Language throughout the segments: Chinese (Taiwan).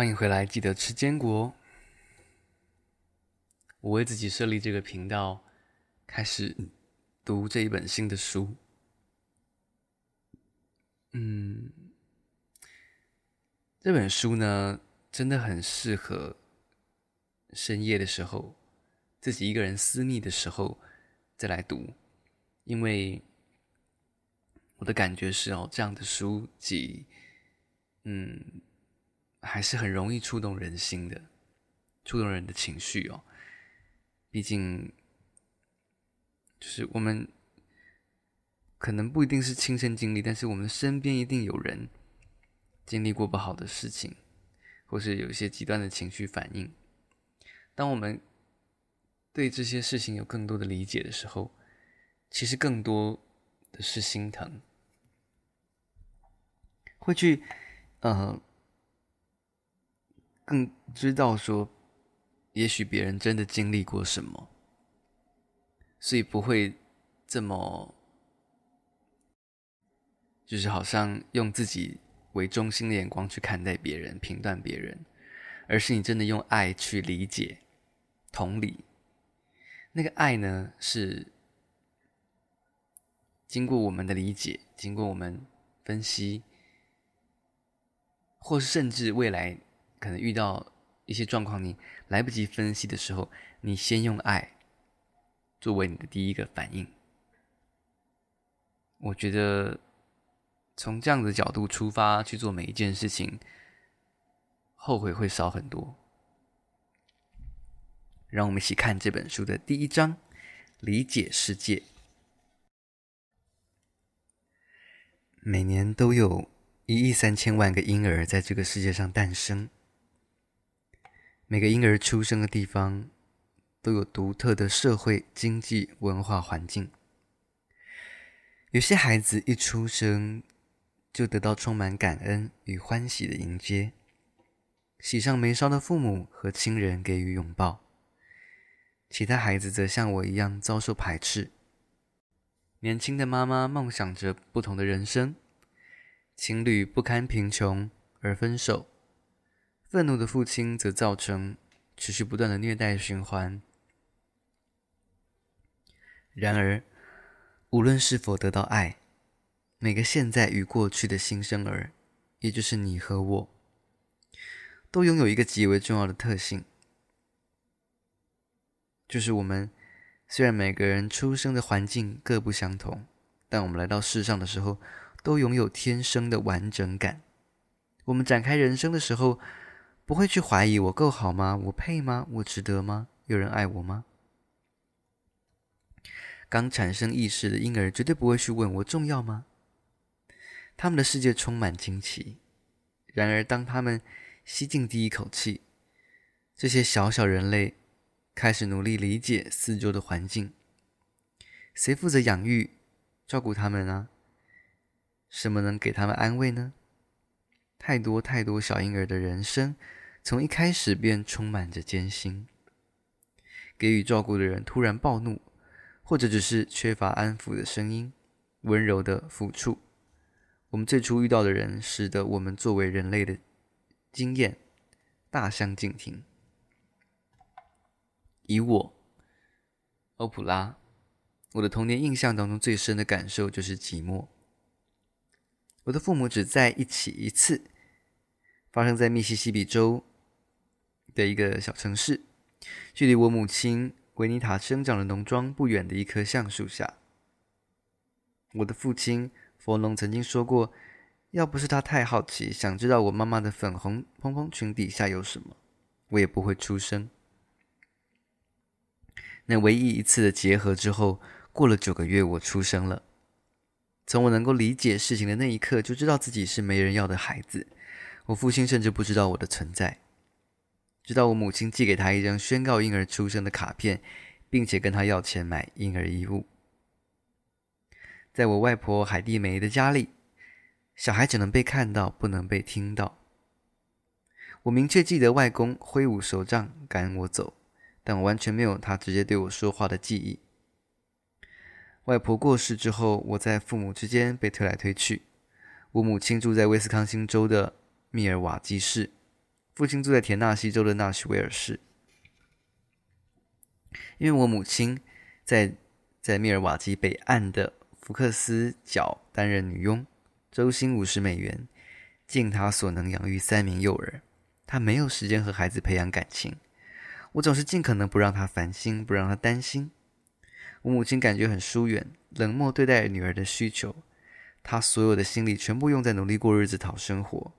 歡迎回來，記得吃堅果哦。我為自己設立這個頻道，開始讀這一本新的書。嗯，這本書呢，真的很適合深夜的時候，自己一個人私密的時候再來讀，因為我的感覺是哦，這樣的書籍，嗯。還是很容易觸動人心的，觸動人的情緒哦。畢竟，就是我們可能不一定是親身經歷，但是我們身邊一定有人經歷過不好的事情，或是有一些極端的情緒反應。當我們對這些事情有更多的理解的時候，其實更多的是心疼。會去，呃。更知道說，也許別人真的經歷過什麼，所以不會這麼，就是好像用自己為中心的眼光去看待別人、評斷別人，而是你真的用愛去理解。同理，那個愛呢，是經過我們的理解，經過我們分析，或是甚至未來。可能遇到一些狀況，你來不及分析的時候，你先用愛作為你的第一個反應。我覺得從這樣的角度出發去做每一件事情，後悔會少很多。讓我們一起看這本書的第一章：理解世界。每年都有一億三千萬個嬰兒在這個世界上誕生。每個嬰兒出生的地方都有獨特的社會、經濟、文化環境。有些孩子一出生就得到充滿感恩與歡喜的迎接，喜上眉梢的父母和親人給予擁抱，其他孩子則像我一樣遭受排斥。年輕的媽媽夢想着不同的人生，情侶不堪貧窮而分手。憤怒的父親則造成持續不斷的虐待循環。然而，無論是否得到愛，每個現在與過去的新生兒，也就是你和我，都擁有一個極為重要的特性，就是我們雖然每個人出生的環境各不相同，但我們來到世上的時候都擁有天生的完整感。我們展開人生的時候，不會去懷疑我夠好嗎？我配嗎？我值得嗎？有人愛我嗎？剛產生意識的嬰兒絕對不會去問我重要嗎？他們的世界充滿驚奇。然而，當他們吸進第一口氣，這些小小人類開始努力理解四周的環境。誰負責養育、照顧他們呢？什麼能給他們安慰呢？太多太多小嬰兒的人生，從一開始便充滿着艱辛。給予照顧的人突然暴怒，或者只是缺乏安撫的聲音、溫柔的撫觸。我們最初遇到的人，使得我們作為人類的經驗大相徑庭。以我，歐普拉，我的童年印象當中最深的感受就是寂寞。我的父母只在一起一次，發生在密西西比州，的一個小城市，距離我母親維尼塔生長的農莊不遠的一棵橡樹下，我的父親佛農曾經說過，要不是他太好奇，想知道我媽媽的粉紅蓬蓬裙底下有什麼，我也不會出生。那唯一一次的結合之後，過了九個月，我出生了。從我能夠理解事情的那一刻，就知道自己是沒人要的孩子。我父親甚至不知道我的存在。直到我母親寄給他一張宣告嬰兒出生的卡片，並且跟他要錢買嬰兒衣物。在我外婆海蒂梅的家裡，小孩只能被看到，不能被聽到。我明確記得外公揮舞手杖趕我走，但我完全沒有他直接對我說話的記憶。外婆過世之後，我在父母之間被推來推去。我母親住在威斯康星州的密爾瓦基市。父親住在田納西州的納什維爾市，因為我母親在在密爾瓦基北岸的福克斯角擔任女傭，周薪五十美元，盡她所能養育三名幼兒。她沒有時間和孩子培養感情，我總是盡可能不讓她煩心，不讓她擔心。我母親感覺很疏遠，冷漠對待女兒的需求，她所有的心力全部用在努力過日子、討生活。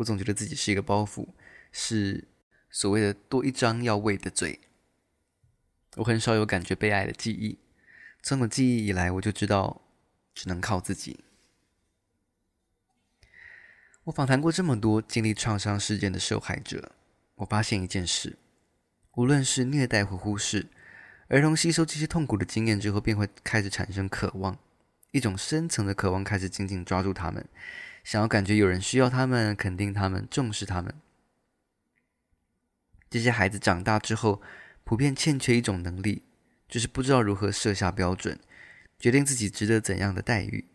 我總覺得自己是一個包袱，是所謂的多一張要餵的嘴。我很少有感覺被愛的記憶，從我記憶以來，我就知道只能靠自己。我訪談過這麼多經歷創傷事件的受害者，我發現一件事：無論是虐待或忽視，兒童吸收這些痛苦的經驗之後，便會開始產生渴望，一種深層的渴望開始緊緊抓住他們。想要感覺有人需要他們、肯定他們、重視他們，這些孩子長大之後，普遍欠缺一種能力，就是不知道如何設下標準，決定自己值得怎樣的待遇。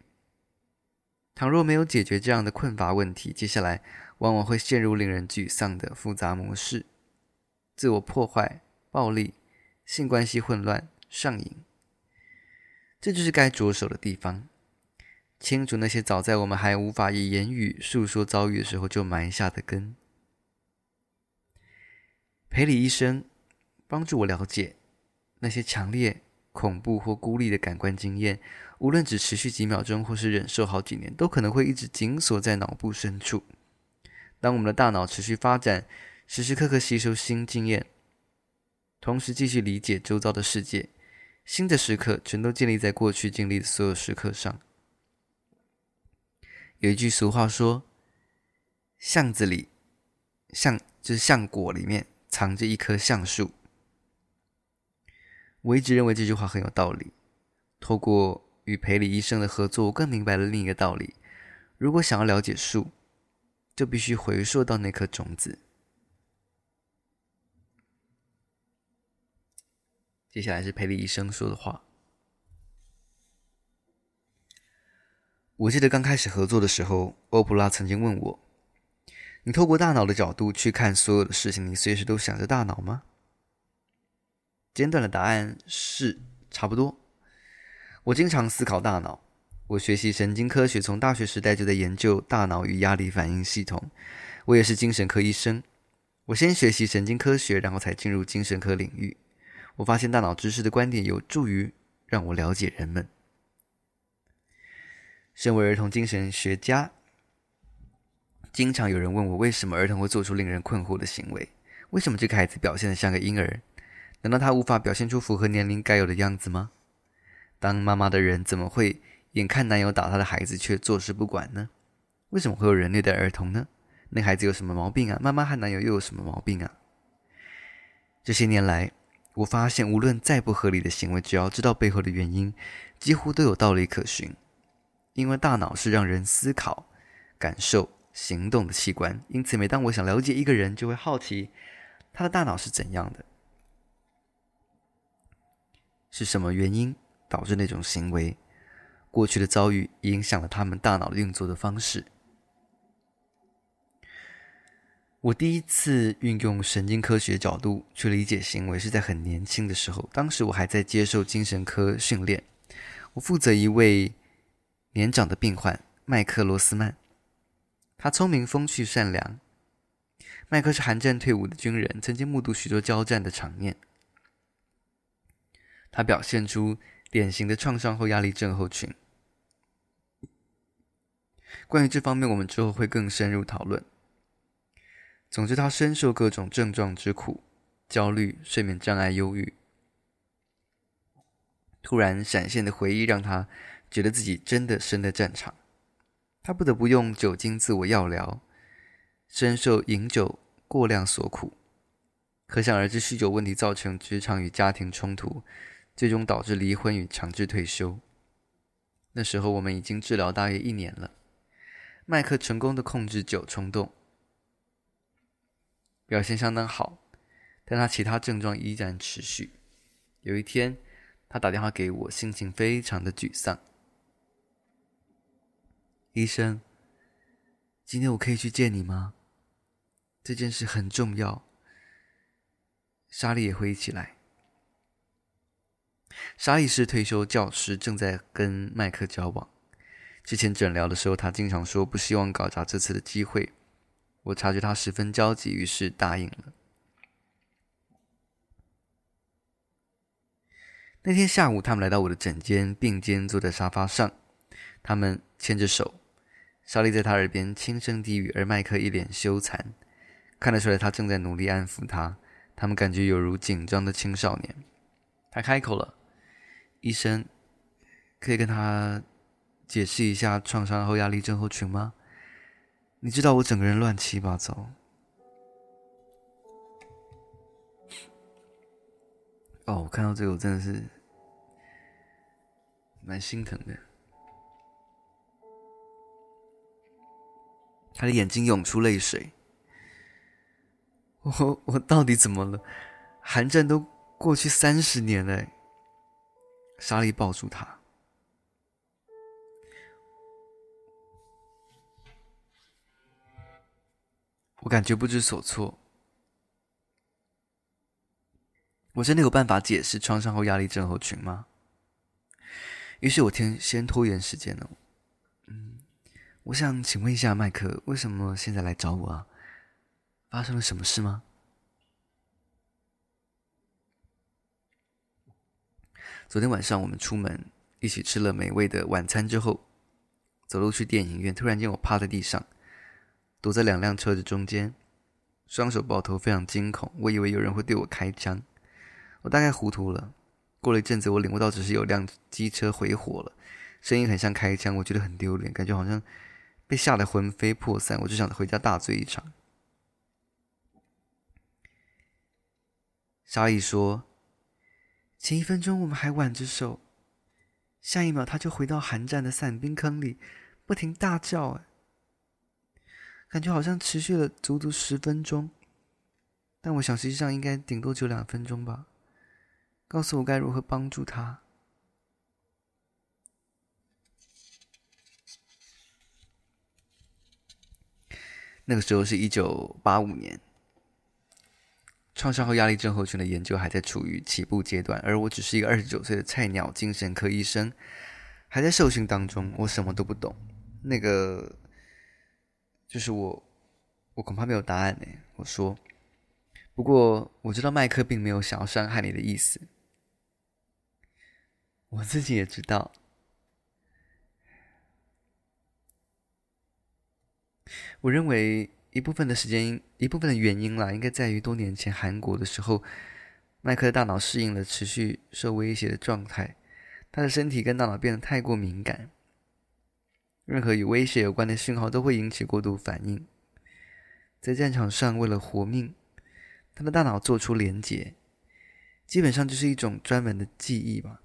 倘若沒有解決這樣的困乏問題，接下來往往會陷入令人沮喪的複雜模式：自我破壞、暴力、性關係混亂、上癮。這就是該着手的地方。清除那些早在我們還無法以言語訴說遭遇的時候就埋下的根。培理醫生幫助我了解，那些強烈、恐怖或孤立的感官經驗，無論只持續幾秒鐘，或是忍受好幾年，都可能會一直緊鎖在腦部深處。當我們的大腦持續發展，時時刻刻吸收新經驗，同時繼續理解周遭的世界，新的時刻全都建立在過去經歷的所有時刻上。有一句俗話說：“橡子裡，橡就是橡果裡面藏着一棵橡樹。”我一直認為這句話很有道理。透過與培理醫生的合作，我更明白了另一個道理：如果想要了解樹，就必須回溯到那顆種子。接下來是培理醫生說的話。我記得剛開始合作的時候，歐普拉曾經問我：“你透過大腦的角度去看所有的事情，你隨時都想着大腦嗎？”簡短的答案是差不多。我經常思考大腦。我學習神經科學，從大學時代就在研究大腦與壓力反應系統。我也是精神科醫生。我先學習神經科學，然後才進入精神科領域。我發現大腦知識的觀點有助於讓我了解人們。身為兒童精神學家，經常有人問我：為什麼兒童會做出令人困惑的行為？為什麼這個孩子表現得像個嬰兒？難道他無法表現出符合年齡該有的樣子嗎？當媽媽的人怎麼會眼看男友打他的孩子卻坐視不管呢？為什麼會有人虐待兒童呢？那孩子有什麼毛病啊？媽媽和男友又有什麼毛病啊？這些年來，我發現無論再不合理的行為，只要知道背後的原因，幾乎都有道理可循。因為大腦是讓人思考、感受、行動的器官，因此每當我想了解一個人，就會好奇他的大腦是怎樣的，是什麼原因導致那種行為，過去的遭遇影響了他們大腦運作的方式。我第一次運用神經科學角度去理解行為，是在很年輕的時候，當時我還在接受精神科訓練，我負責一位年長的病患麥克羅斯曼，他聰明、風趣、善良。麥克是韓戰退伍的軍人，曾經目睹許多交戰的場面。他表現出典型的創傷後壓力症候群。關於這方面，我們之後會更深入討論。總之，他深受各種症狀之苦：焦慮、睡眠障礙、憂鬱。突然閃現的回憶讓他覺得自己真的身在戰場，他不得不用酒精自我藥療，深受飲酒過量所苦。可想而知，酗酒問題造成職場與家庭衝突，最終導致離婚與強制退休。那時候我們已經治療大約一年了，麥克成功地控制酒衝動，表現相當好，但他其他症狀依然持續。有一天，他打電話給我，心情非常的沮喪。醫生，今天我可以去見你嗎？這件事很重要。莎莉也會一起來，莎莉是退休教師，正在跟麥克交往。之前診療的時候，他經常說不希望搞砸這次的機會。我察覺他十分焦急，於是答應了。那天下午，他們來到我的診間，並肩坐在沙發上，他們牽着手。莎莉在他耳邊輕聲低語，而麥克一臉羞慚，看得出來他正在努力安撫他。他們感覺猶如緊張的青少年。他開口了：“醫生，可以跟他解釋一下創傷後壓力症候群嗎？你知道我整個人亂七八糟。”哦，我看到這個我真的是蠻心疼的。他的眼睛湧出淚水。我我到底怎麼了？韓戰都過去三十年了。莎莉抱住他。我感覺不知所措。我真的有辦法解釋創傷後壓力症候群嗎？於是我天，先拖延時間了。我想請問一下，麥克，為什麼現在來找我啊？發生了什麼事嗎？昨天晚上我們出門一起吃了美味的晚餐之後，走路去電影院，突然間我趴在地上，躲在兩輛車子中間，雙手抱頭，非常驚恐。我以為有人會對我開槍，我大概糊塗了。過了一陣子，我領悟到只是有輛機車回火了，聲音很像開槍，我覺得很丟臉，感覺好像。被嚇得魂飛魄散，我就想回家大醉一場。莎莉說：“前一分鐘我們還挽着手，下一秒他就回到韓戰的散兵坑裡，不停大叫、欸，哎，感覺好像持續了足足十分鐘，但我想實際上應該頂多就兩分鐘吧。告訴我該如何幫助他。”那個時候是一九八五年，創傷後壓力症候群的研究還在處於起步階段，而我只是一個二十九歲的菜鳥精神科醫生，還在受訓當中，我什麼都不懂。那個就是我，我恐怕沒有答案呢，我說。不過我知道麥克並沒有想要傷害你的意思。我自己也知道。我認為一部分的時間，一部分的原因啦，應該在於多年前韓國的時候，麥克的大腦適應了持續受威脅的狀態，他的身體跟大腦變得太過敏感，任何與威脅有關的信號都會引起過度反應。在戰場上，為了活命，他的大腦做出聯結，基本上就是一種專門的記憶吧。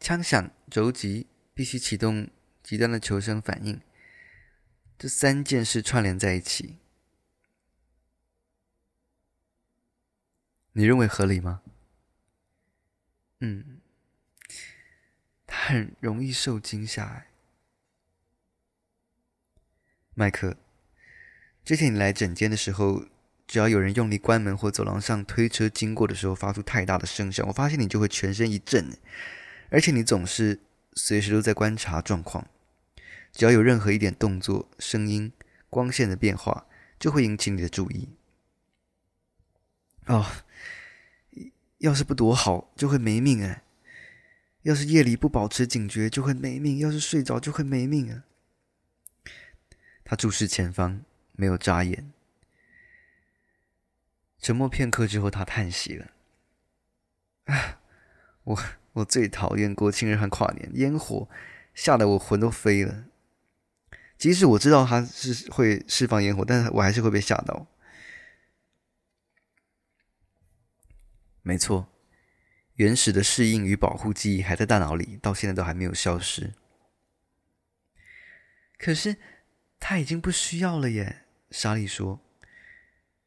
槍響、軸急、必須啟動。極端的求生反應，這三件事串聯在一起，你認為合理嗎？嗯，他很容易受驚嚇。麥克，之前你來診間的時候，只要有人用力關門或走廊上推車經過的時候發出太大的聲響，我發現你就會全身一震，而且你總是隨時都在觀察狀況。只要有任何一點動作、聲音、光線的變化，就會引起你的注意。哦，要是不躲好，就會沒命哎、啊！要是夜裡不保持警覺，就會沒命；要是睡着，就會沒命啊！他注視前方，沒有眨眼。沉默片刻之後，他嘆息了：“啊，我我最討厭國慶日和跨年煙火，嚇得我魂都飛了。”即使我知道他是會釋放煙火，但是我還是會被嚇到。沒錯，原始的適應與保護記憶還在大腦裡，到現在都還沒有消失。可是他已經不需要了耶，莎莉說。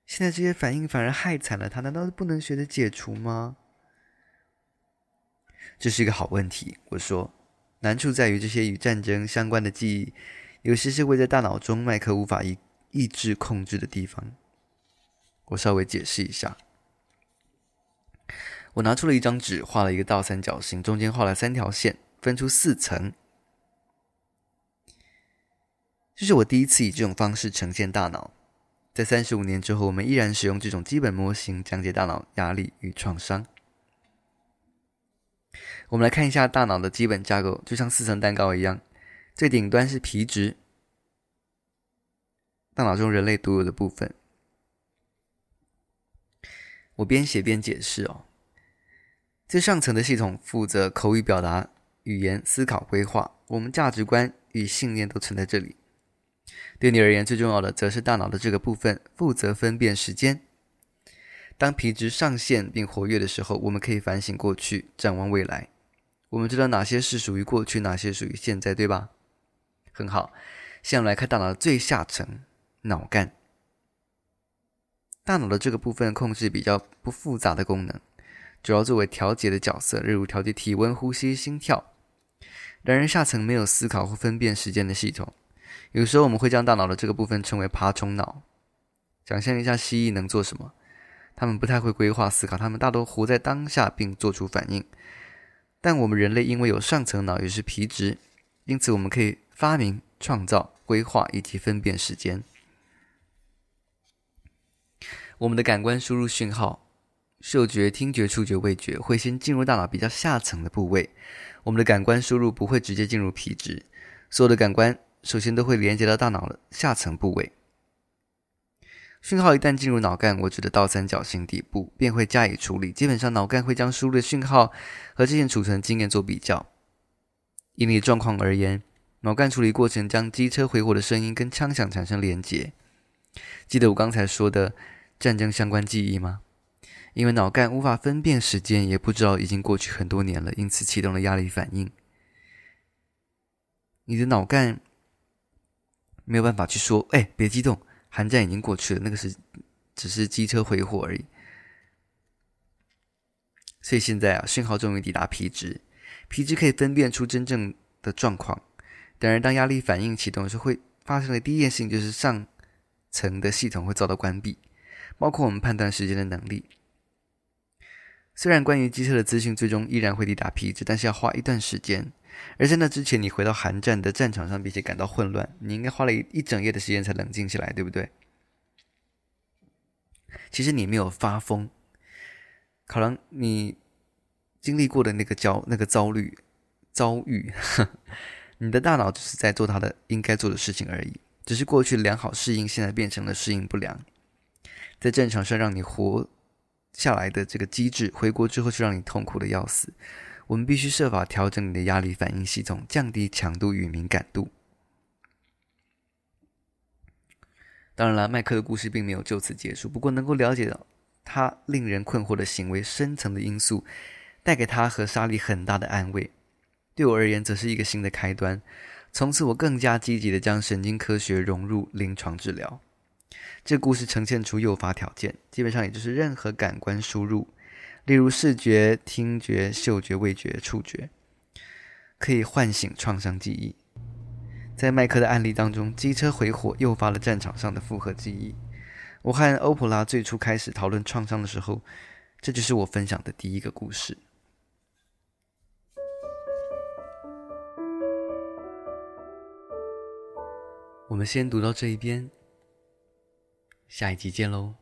現在這些反應反而害慘了他，難道是不能學着解除嗎？這是一個好問題，我說。難處在於這些與戰爭相關的記憶。有些是位在大腦中麥克無法抑抑制控制的地方。我稍微解釋一下。我拿出了一張紙，畫了一個倒三角形，中間畫了三條線，分出四層。這，就是我第一次以這種方式呈現大腦。在三十五年之後，我們依然使用這種基本模型，講解大腦壓力與創傷。我們來看一下大腦的基本架構，就像四層蛋糕一樣。最頂端是皮質，大腦中人類獨有的部分。我邊寫邊解釋哦。最上層的系統負責口語表達、語言、思考、規劃，我們價值觀與信念都存在這裡。對你而言最重要的，則是大腦的這個部分，負責分辨時間。當皮質上線並活躍的時候，我們可以反省過去、展望未來。我們知道哪些是屬於過去，哪些屬於現在，對吧？很好，現在來看大腦的最下層——腦幹。大腦的這個部分控制比較不複雜的功能，主要作為調節的角色，例如調節體溫、呼吸、心跳。然而，下層沒有思考或分辨時間的系統。有時候，我們會將大腦的這個部分稱為“爬蟲腦”。想象一下，蜥蜴能做什麼？它們不太會規劃思考，它們大多活在當下並做出反應。但我們人類因為有上層腦，也是皮質，因此我們可以。發明、創造、規劃以及分辨時間，我們的感官輸入訊號，嗅覺、聽覺、觸覺、味覺會先進入大腦比較下層的部位。我們的感官輸入不會直接進入皮質，所有的感官首先都會連接到大腦的下層部位。訊號一旦進入腦幹，我指的倒三角形底部便會加以處理。基本上，腦幹會將輸入的訊號和之前儲存的經驗做比較。以你的狀況而言。腦幹處理過程將機車回火的聲音跟槍響產生連結。記得我剛才說的戰爭相關記憶嗎？因為腦幹無法分辨時間，也不知道已經過去很多年了，因此啟動了壓力反應。你的腦幹沒有辦法去說：“哎，別激動，韓戰已經過去了，那個是只是機車回火而已。”所以現在啊，訊號終於抵達皮質，皮質可以分辨出真正的狀況。然而，當壓力反應啟動時，會發生的第一件事情就是上層的系統會遭到關閉，包括我們判斷時間的能力。雖然關於機車的資訊最終依然會抵達皮質，但是要花一段時間。而在那之前，你回到韓戰的戰場上，並且感到混亂，你應該花了一整夜的時間才冷靜下來，對不對？其實你沒有發瘋，可能你經歷過的那個焦、那個遭遇遭遇。呵呵你的大腦只是在做它的應該做的事情而已，只是過去良好適應，現在變成了適應不良。在戰場上讓你活下來的這個機制，回國之後卻讓你痛苦的要死。我們必須設法調整你的壓力反應系統，降低強度與敏感度。當然了，麥克的故事並沒有就此結束，不過能夠了解到他令人困惑的行為深層的因素，帶給他和莎莉很大的安慰。對我而言，則是一個新的開端。從此，我更加積極地將神經科學融入臨床治療。這個故事呈現出誘發條件，基本上也就是任何感官輸入，例如視覺、聽覺、嗅覺、味覺、觸覺，可以喚醒創傷記憶。在麥克的案例當中，機車回火誘發了戰場上的複合記憶。我和歐普拉最初開始討論創傷的時候，這就是我分享的第一個故事。我們先讀到這一邊，下一集見嘍。